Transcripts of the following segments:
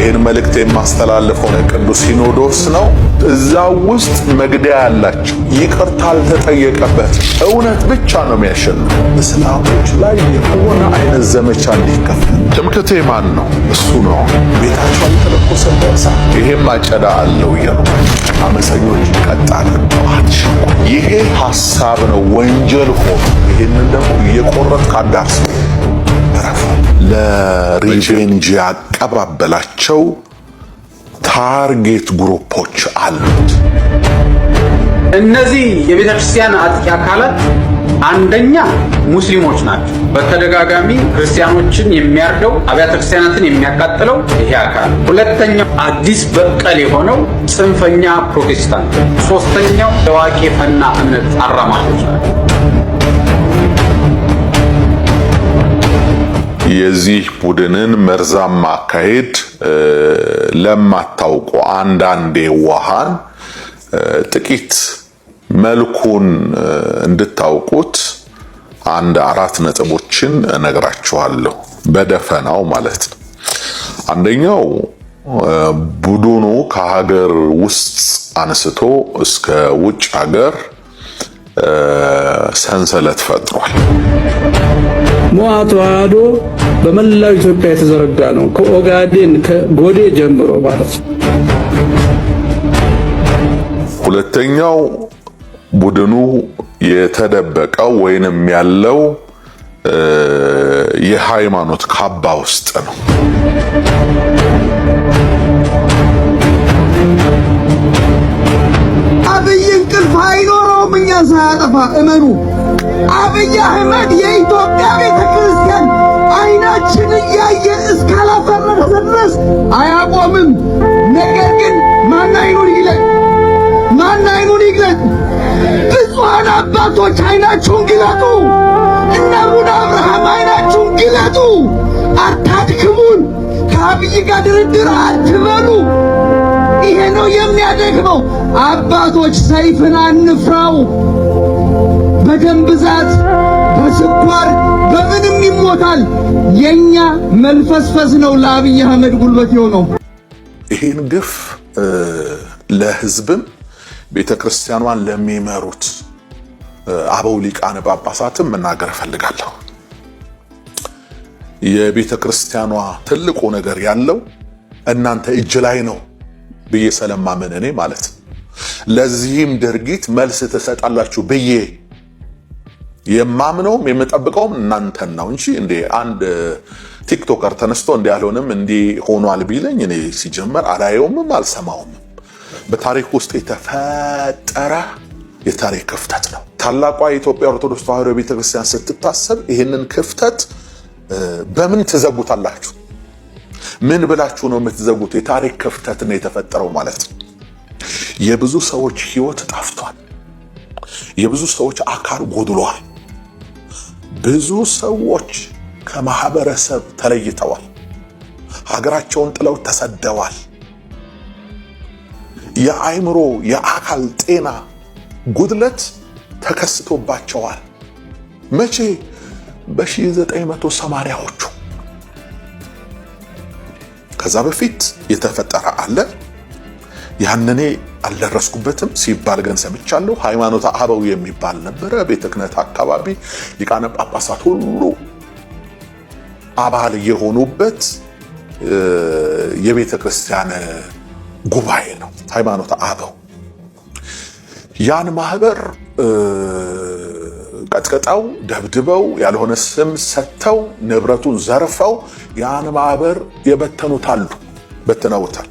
ይህን መልእክት የማስተላልፈው ቅዱስ ሲኖዶስ ነው። እዛ ውስጥ መግደያ ያላቸው ይቅርታ አልተጠየቀበት እውነት ብቻ ነው የሚያሸንፍ። እስላሞች ላይ የሆነ አይነት ዘመቻ እንዲከፈል ትምክቴ ማን ነው? እሱ ነው። ቤታቸው አልተለኮሰ ደሳ ይሄም አጨዳ አለው እያሉ አመፀኞች ቀጣል ይሄ ሀሳብ ነው ወንጀል ሆኖ ይህንን ደግሞ እየቆረጥ ካዳርስ ለሪቬንጅ ያቀባበላቸው ታርጌት ግሩፖች አሉት። እነዚህ የቤተ ክርስቲያን አጥቂ አካላት አንደኛ ሙስሊሞች ናቸው። በተደጋጋሚ ክርስቲያኖችን የሚያርደው አብያተ ክርስቲያናትን የሚያቃጥለው ይሄ አካል፣ ሁለተኛው አዲስ በቀል የሆነው ጽንፈኛ ፕሮቴስታንት፣ ሶስተኛው የዋቄ ፈና እምነት አራማጆች ናቸው። የዚህ ቡድንን መርዛማ አካሄድ ለማታውቁ አንዳንድ የዋሃን ጥቂት መልኩን እንድታውቁት አንድ አራት ነጥቦችን እነግራችኋለሁ በደፈናው ማለት ነው። አንደኛው ቡድኑ ከሀገር ውስጥ አንስቶ እስከ ውጭ ሀገር ሰንሰለት ፈጥሯል። ሞዓ ተዋህዶ በመላው ኢትዮጵያ የተዘረጋ ነው። ከኦጋዴን ከጎዴ ጀምሮ ማለት ነው። ሁለተኛው ቡድኑ የተደበቀው ወይንም ያለው የሃይማኖት ካባ ውስጥ ነው። እንቅልፍ አይኖረውም እኛ ሳያጠፋ እመኑ። አብይ አህመድ የኢትዮጵያ ቤተ ክርስቲያን አይናችን እያየ እስካላፈረሰ ድረስ አያቆምም። ነገር ግን ማን አይኑን ይግለጥ፣ ማን አይኑን ይግለጥ። ብፁዓን አባቶች አይናችሁን ግለጡ። እነ አቡነ አብርሃም አይናችሁን ግለጡ። አታድክሙን። ከአብይ ጋር ድርድር አትበሉ። ይሄ ነው የሚያደግመው። አባቶች ሰይፍን አንፍራው። በደም ብዛት፣ በስኳር በምንም ይሞታል። የኛ መልፈስፈስ ነው ለአብይ አህመድ ጉልበት የሆነው። ይህን ግፍ ለህዝብም ቤተ ክርስቲያኗን ለሚመሩት አበው ሊቃነ ጳጳሳትም መናገር እፈልጋለሁ። የቤተ ክርስቲያኗ ትልቁ ነገር ያለው እናንተ እጅ ላይ ነው ብዬ ስለማምን እኔ ማለት ነው ለዚህም ድርጊት መልስ ትሰጣላችሁ ብዬ የማምነውም የምጠብቀውም እናንተን ነው እንጂ እንደ አንድ ቲክቶከር ተነስቶ እንዲህ አልሆንም እንዲህ ሆኗል ቢለኝ እኔ ሲጀመር አላየውምም አልሰማውም። በታሪክ ውስጥ የተፈጠረ የታሪክ ክፍተት ነው። ታላቋ የኢትዮጵያ ኦርቶዶክስ ተዋሕዶ ቤተክርስቲያን ስትታሰብ ይህንን ክፍተት በምን ትዘጉታላችሁ? ምን ብላችሁ ነው የምትዘጉት? የታሪክ ክፍተት ነው የተፈጠረው ማለት ነው። የብዙ ሰዎች ህይወት ጠፍቷል። የብዙ ሰዎች አካል ጎድሏል። ብዙ ሰዎች ከማህበረሰብ ተለይተዋል። ሀገራቸውን ጥለው ተሰደዋል። የአእምሮ የአካል ጤና ጉድለት ተከስቶባቸዋል። መቼ? በ1980ዎቹ ከዛ በፊት የተፈጠረ አለ ያንኔ አልደረስኩበትም ሲባል ግን ሰምቻለሁ። ሃይማኖተ አበው የሚባል ነበረ። ቤተ ክህነት አካባቢ ሊቃነ ጳጳሳት ሁሉ አባል የሆኑበት የቤተ ክርስቲያን ጉባኤ ነው ሃይማኖተ አበው። ያን ማህበር ቀጥቅጠው ደብድበው ያልሆነ ስም ሰጥተው ንብረቱን ዘርፈው ያን ማህበር የበተኑታሉ በትነውታል።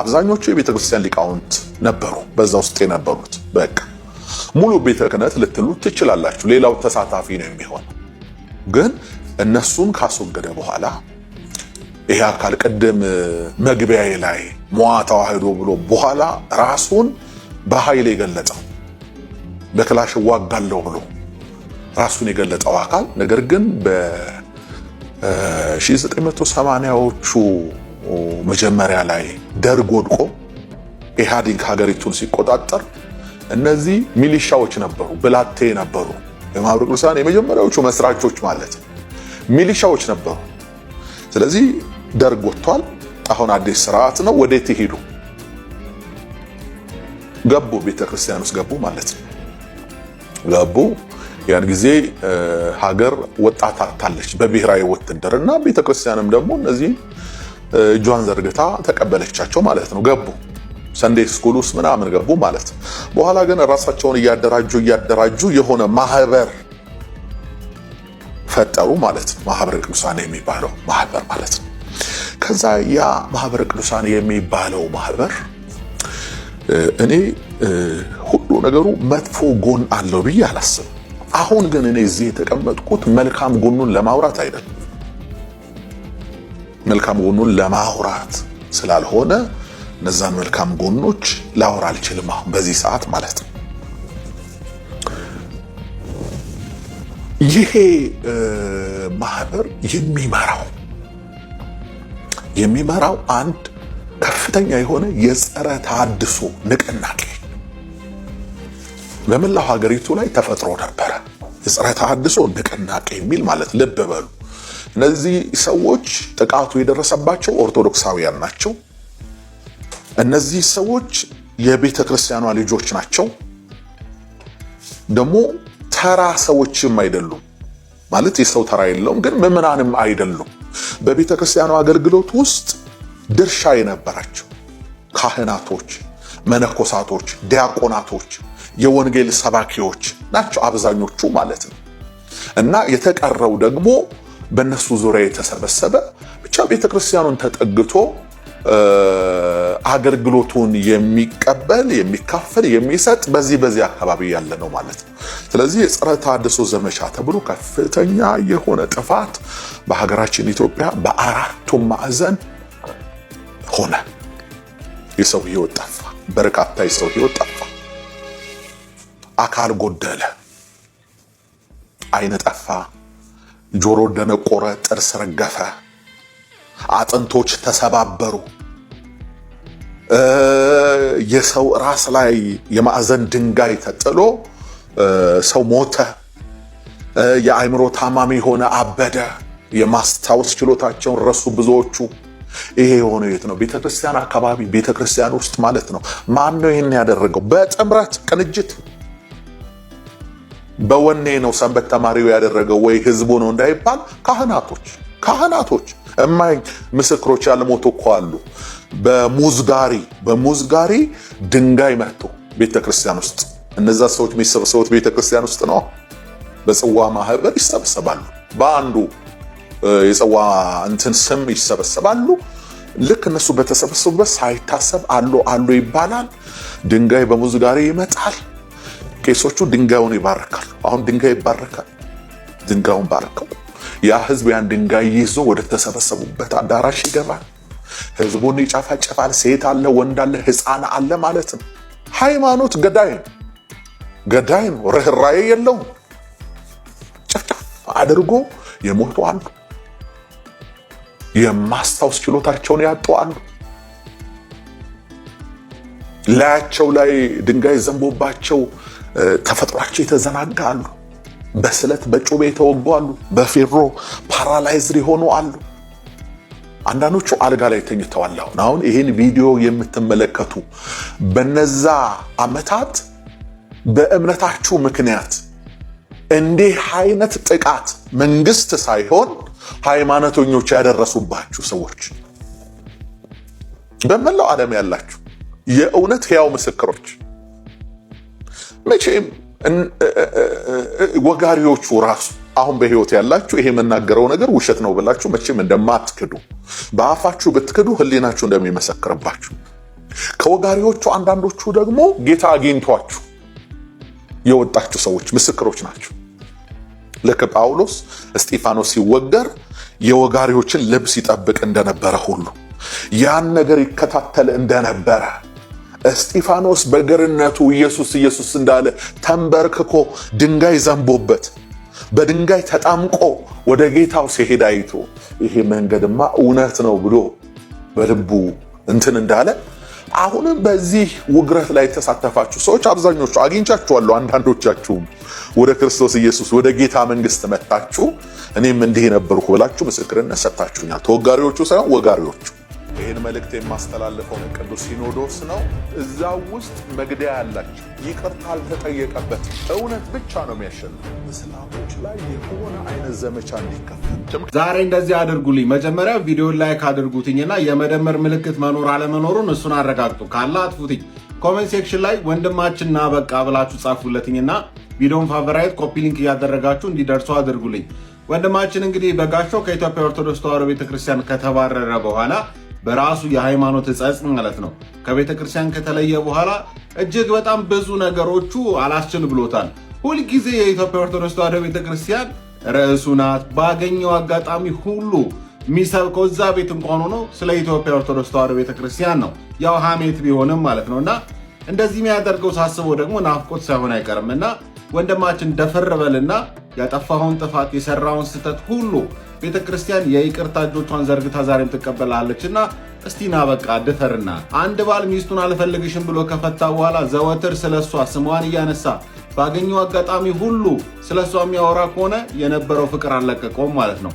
አብዛኞቹ የቤተ ክርስቲያን ሊቃውንት ነበሩ በዛ ውስጥ የነበሩት። በቃ ሙሉ ቤተ ክህነት ልትሉ ትችላላችሁ። ሌላው ተሳታፊ ነው የሚሆነው። ግን እነሱን ካስወገደ በኋላ ይሄ አካል ቅድም መግቢያዬ ላይ መዋ ተዋህዶ ብሎ በኋላ ራሱን በኃይል የገለጸው በክላሽ እዋጋለሁ ብሎ ራሱን የገለጠው አካል ነገር ግን በ1980ዎቹ መጀመሪያ ላይ ደርግ ወድቆ ኢህአዲግ ሀገሪቱን ሲቆጣጠር እነዚህ ሚሊሻዎች ነበሩ፣ ብላቴ ነበሩ። የማብረቅ ቅዱሳን የመጀመሪያዎቹ መስራቾች ማለት ሚሊሻዎች ነበሩ። ስለዚህ ደርግ ወጥቷል። አሁን አዲስ ስርዓት ነው። ወዴት ይሄዱ? ገቡ፣ ክርስቲያን ውስጥ ገቡ ማለት ነው። ገቡ። ያን ጊዜ ሀገር ወጣት አታለች በብሔራዊ ውትድርና፣ ቤተክርስቲያንም ደግሞ እነዚህ እጇን ዘርግታ ተቀበለቻቸው ማለት ነው። ገቡ ሰንዴ ስኩል ውስጥ ምናምን ገቡ ማለት በኋላ ግን ራሳቸውን እያደራጁ እያደራጁ የሆነ ማህበር ፈጠሩ ማለት ነው። ማህበረ ቅዱሳን የሚባለው ማህበር ማለት ነው። ከዛ ያ ማህበረ ቅዱሳን የሚባለው ማህበር እኔ ሁሉ ነገሩ መጥፎ ጎን አለው ብዬ አላስብም። አሁን ግን እኔ እዚህ የተቀመጥኩት መልካም ጎኑን ለማውራት አይደለም። መልካም ጎኑን ለማውራት ስላልሆነ እነዛን መልካም ጎኖች ላወራ አልችልም አሁን በዚህ ሰዓት ማለት ነው። ይሄ ማህበር የሚመራው የሚመራው አንድ ከፍተኛ የሆነ የጸረ ተሐድሶ ንቅናቄ በመላው ሀገሪቱ ላይ ተፈጥሮ ነበረ። የጸረ ተሐድሶ ንቅናቄ የሚል ማለት ልብ በሉ እነዚህ ሰዎች ጥቃቱ የደረሰባቸው ኦርቶዶክሳውያን ናቸው። እነዚህ ሰዎች የቤተ ክርስቲያኗ ልጆች ናቸው። ደግሞ ተራ ሰዎችም አይደሉም። ማለት የሰው ተራ የለውም፣ ግን ምዕመናንም አይደሉም። በቤተ ክርስቲያኗ አገልግሎት ውስጥ ድርሻ የነበራቸው ካህናቶች፣ መነኮሳቶች፣ ዲያቆናቶች፣ የወንጌል ሰባኪዎች ናቸው አብዛኞቹ ማለት ነው እና የተቀረው ደግሞ በእነሱ ዙሪያ የተሰበሰበ ብቻ ቤተክርስቲያኑን ተጠግቶ አገልግሎቱን የሚቀበል የሚካፈል የሚሰጥ በዚህ በዚህ አካባቢ ያለ ነው ማለት ነው። ስለዚህ የጸረ ተሐድሶ ዘመቻ ተብሎ ከፍተኛ የሆነ ጥፋት በሀገራችን ኢትዮጵያ በአራቱም ማዕዘን ሆነ። የሰው ህይወት ጠፋ፣ በርካታ የሰው ህይወት ጠፋ፣ አካል ጎደለ፣ አይነ ጠፋ ጆሮ ደነቆረ፣ ጥርስ ረገፈ፣ አጥንቶች ተሰባበሩ። የሰው ራስ ላይ የማዕዘን ድንጋይ ተጥሎ ሰው ሞተ። የአእምሮ ታማሚ ሆነ፣ አበደ። የማስታወስ ችሎታቸውን ረሱ ብዙዎቹ። ይሄ የሆነ የት ነው? ቤተክርስቲያን አካባቢ፣ ቤተክርስቲያን ውስጥ ማለት ነው። ማን ነው ይህን ያደረገው? በጥምረት ቅንጅት በወኔ ነው ሰንበት ተማሪው ያደረገው ወይ ህዝቡ ነው እንዳይባል ካህናቶች ካህናቶች እማኝ ምስክሮች ያልሞቱ እኮ አሉ። በሙዝጋሪ በሙዝጋሪ ድንጋይ መጥቶ ቤተክርስቲያን ውስጥ እነዛ ሰዎች የሚሰበሰቡት ቤተክርስቲያን ውስጥ ነው። በጽዋ ማህበር ይሰበሰባሉ። በአንዱ የጽዋ እንትን ስም ይሰበሰባሉ። ልክ እነሱ በተሰበሰቡበት ሳይታሰብ አሉ አሉ ይባላል። ድንጋይ በሙዝጋሪ ይመጣል። ቄሶቹ ድንጋዩን ይባርካሉ። አሁን ድንጋይ ይባረካል። ድንጋዩን ባርከው ያ ህዝብ ያን ድንጋይ ይዞ ወደ ተሰበሰቡበት አዳራሽ ይገባል። ህዝቡን ይጨፈጭፋል። ሴት አለ፣ ወንድ አለ፣ ህፃን አለ ማለት ነው። ሃይማኖት ገዳይ ነው፣ ገዳይ ነው። ርኅራዬ የለውም። ጭፍጭፍ አድርጎ የሞቱ አሉ፣ የማስታወስ ችሎታቸውን ያጡ አሉ። ላያቸው ላይ ድንጋይ ዘንቦባቸው ተፈጥሯቸው የተዘናጋ አሉ። በስለት በጩቤ የተወጉ አሉ። በፌሮ ፓራላይዝድ የሆኑ አሉ። አንዳንዶቹ አልጋ ላይ ተኝተዋል። አሁን አሁን ይህን ቪዲዮ የምትመለከቱ በነዛ አመታት በእምነታችሁ ምክንያት እንዲህ አይነት ጥቃት መንግስት ሳይሆን ሃይማኖተኞች ያደረሱባችሁ ሰዎች በመላው ዓለም ያላችሁ የእውነት ሕያው ምስክሮች መቼም ወጋሪዎቹ ራሱ አሁን በህይወት ያላችሁ ይሄ የምናገረው ነገር ውሸት ነው ብላችሁ መቼም እንደማትክዱ በአፋችሁ ብትክዱ ህሊናችሁ እንደሚመሰክርባችሁ ከወጋሪዎቹ አንዳንዶቹ ደግሞ ጌታ አግኝቷችሁ የወጣችሁ ሰዎች ምስክሮች ናቸው። ልክ ጳውሎስ እስጢፋኖስ ሲወገር የወጋሪዎችን ልብስ ይጠብቅ እንደነበረ ሁሉ ያን ነገር ይከታተል እንደነበረ እስጢፋኖስ በገርነቱ ኢየሱስ ኢየሱስ እንዳለ ተንበርክኮ ድንጋይ ዘንቦበት በድንጋይ ተጣምቆ ወደ ጌታው ሲሄድ አይቶ ይሄ መንገድማ እውነት ነው ብሎ በልቡ እንትን እንዳለ አሁንም በዚህ ውግረት ላይ የተሳተፋችሁ ሰዎች አብዛኞቹ አግኝቻችኋለሁ። አንዳንዶቻችሁም ወደ ክርስቶስ ኢየሱስ ወደ ጌታ መንግስት መታችሁ፣ እኔም እንዲህ ነበርኩ ብላችሁ ምስክርነት ሰጥታችሁኛል። ተወጋሪዎቹ ሳይሆን ወጋሪዎቹ ይህን መልእክት የማስተላልፈው ቅዱስ ሲኖዶስ ነው። እዛ ውስጥ መግደያ ያላቸው ይቅርታ አልተጠየቀበት እውነት ብቻ ነው የሚያሸንፍ። እስላሞች ላይ የሆነ አይነት ዘመቻ እንዲከፈል ዛሬ እንደዚህ አድርጉልኝ። መጀመሪያ ቪዲዮን ላይክ አድርጉትኝና የመደመር ምልክት መኖር አለመኖሩን እሱን አረጋግጡ። ካለ አጥፉትኝ። ኮሜንት ሴክሽን ላይ ወንድማችን ና በቃ ብላችሁ ጻፉለትኝና ቪዲዮን ፋቨራይት ኮፒ ሊንክ እያደረጋችሁ እንዲደርሱ አድርጉልኝ። ወንድማችን እንግዲህ በጋሾ ከኢትዮጵያ ኦርቶዶክስ ተዋሕዶ ቤተክርስቲያን ከተባረረ በኋላ በራሱ የሃይማኖት እጸጽ ማለት ነው። ከቤተ ክርስቲያን ከተለየ በኋላ እጅግ በጣም ብዙ ነገሮቹ አላስችል ብሎታል። ሁልጊዜ የኢትዮጵያ ኦርቶዶክስ ተዋሕዶ ቤተ ክርስቲያን ርዕሱ ናት። ባገኘው አጋጣሚ ሁሉ የሚሰብከው እዛ ቤት እንኳን ሆኖ ስለ ኢትዮጵያ ኦርቶዶክስ ተዋሕዶ ቤተ ክርስቲያን ነው፣ ያው ሀሜት ቢሆንም ማለት ነው እና እንደዚህ የሚያደርገው ሳስበው ደግሞ ናፍቆት ሳይሆን አይቀርም እና ወንድማችን ደፈር በልና ያጠፋኸውን ጥፋት የሰራውን ስህተት ሁሉ ቤተ ክርስቲያን የይቅርታ እጆቿን ዘርግታ ዛሬም ትቀበላለች እና እስቲና በቃ ድፈርና አንድ ባል ሚስቱን አልፈልግሽም ብሎ ከፈታ በኋላ ዘወትር ስለ እሷ ስሟን እያነሳ ባገኘው አጋጣሚ ሁሉ ስለ እሷ የሚያወራ ከሆነ የነበረው ፍቅር አልለቀቀውም ማለት ነው።